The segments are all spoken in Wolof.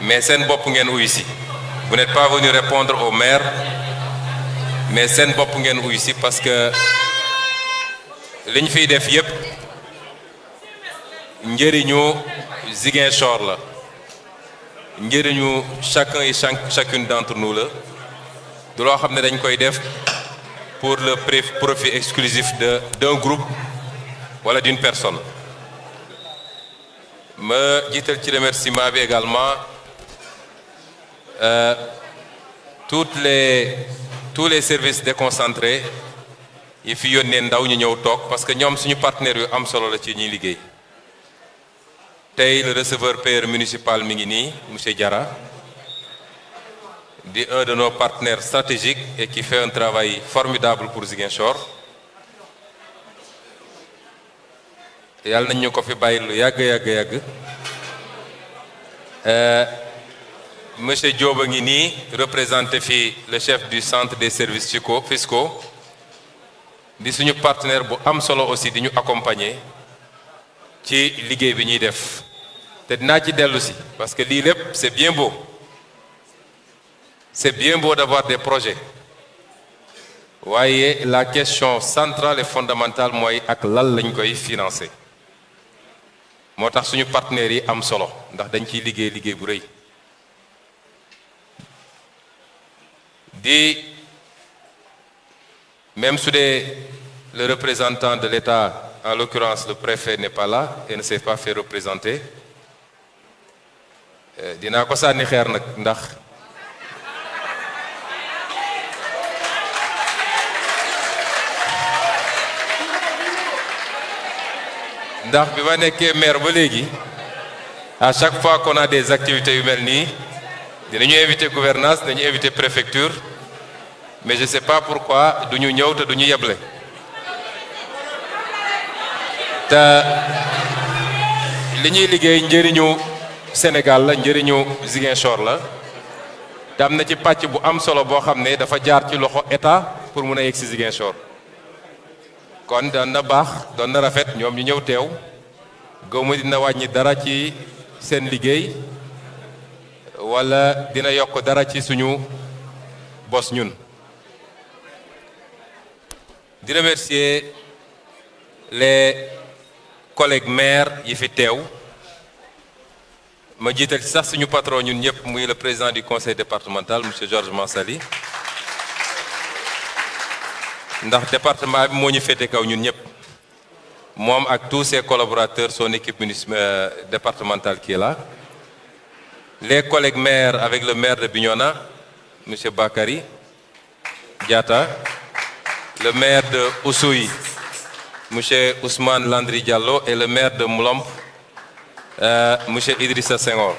mais seen bopp ngeen uyu si vous n'êtes pas venu répondre au maire mais seen bopp ngeen uyu si parce que li ñu fiy def yépp njëriñu Ziguinchor la njëriñu chacun et chacune d'entre nous la du loo xam ne dañ koy def pour le profit exclusif de d'un groupe wala d'une personne ma jiital ci remerciement bi également euh, toutes les tout les services déconcentrés yi fi yónnee ndaw ñu ñëw toog parce que ñoom suñu partenaires yu am solo la ci ñuy liggéey tey le receveur payeur municipal mi ngi nii monsieur Diarra di un de nos partenaires stratégiques et qui fait un travail formidable pour Ziguinchor yàlla nañ ñu ko fi bàyyi lu yàgg yàgg yàgg. Euh, monsieur Diop a ngi nii représenté fii le chef du centre des services fiscaux di suñu partenaire bu am solo aussi di ñu accompagner ci liggéey bi ñuy def te dinaa ci dellusi parce que lii lépp c'est bien beau c'est bien beau d'avoir des projet waaye la question centrale et fondamentale mooy ak lan lañ koy financer moo tax suñu partenaires yi am solo ndax dañ ciy liggéey liggéey bu rëy. Et même si le représentant de l'État, en l'occurrence le préfet, n'est pas là et ne s'est pas fait représenter, euh, dinaa ko sànni xeer nag ndax ndax bi ma nekkee maire ba léegi à chaque fois qu'on des activités yu mel nii dinañu invité gouvernance dañu invité préfecture mais je sais pas pourquoi du ñu ñëw te duñu ñu yeble te li ñuy liggéey njëriñu Sénégal la njëriñu Ziguinchor la te am na ci pàcc bu am solo boo xam ne dafa jaar ci loxo état pour mun a yegg si Ziguinchor kon doon na baax doon na rafet ñoom ñu ñëw teew gëwma dina wàññi dara ci seen liggéey wala dina yokk dara ci suñu bos ñun di remercier les collègues maires yi fi teew ma jiital ci sax suñu patron ñun ñëpp muy le président du conseil départemental monsieur Georges Mansali ndax département bi moo ñu féete kaw ñun ñëpp moom ak tous ses collaborateurs son équipe municipale euh, départementale qui les collègues maires avec le maire de Bignona monsieur Bakary jata le maire de Oussouy, monsieur Ousmane Landry Diallo, et le maire de Moulamp, euh, M. Idrissa Senghor.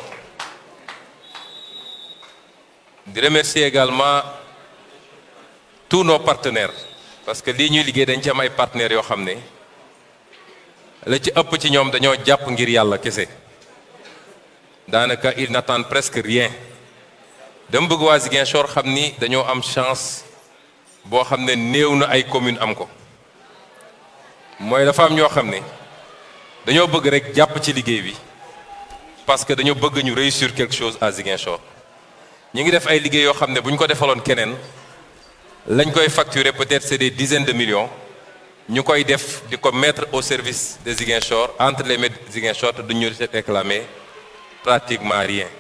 Je remercie également tous nos partenaires, parce que lii ñuy liggéey dañ ci am ay partenaires yoo xam ne la ci ëpp ci ñoom dañoo jàpp ngir yàlla kese daanaka ils n'attendent presque rien dama bëgg waa Ziguinchor xam ni dañoo am chance boo xam ne néew na ay commune am ko mooy dafa am ñoo xam ne dañoo bëgg rek jàpp ci liggéey bi parce que dañoo bëgg ñu réussir quelque chose à Ziguinchor ñi ngi def ay liggéey yoo xam ne bu ko defaloon keneen lañ koy facturer peut-être c'est des dizaines de million ñu koy def di ko mettre au service de Ziguinchor entre les mains de Ziguinchor te duñu réclamer pratiquement rien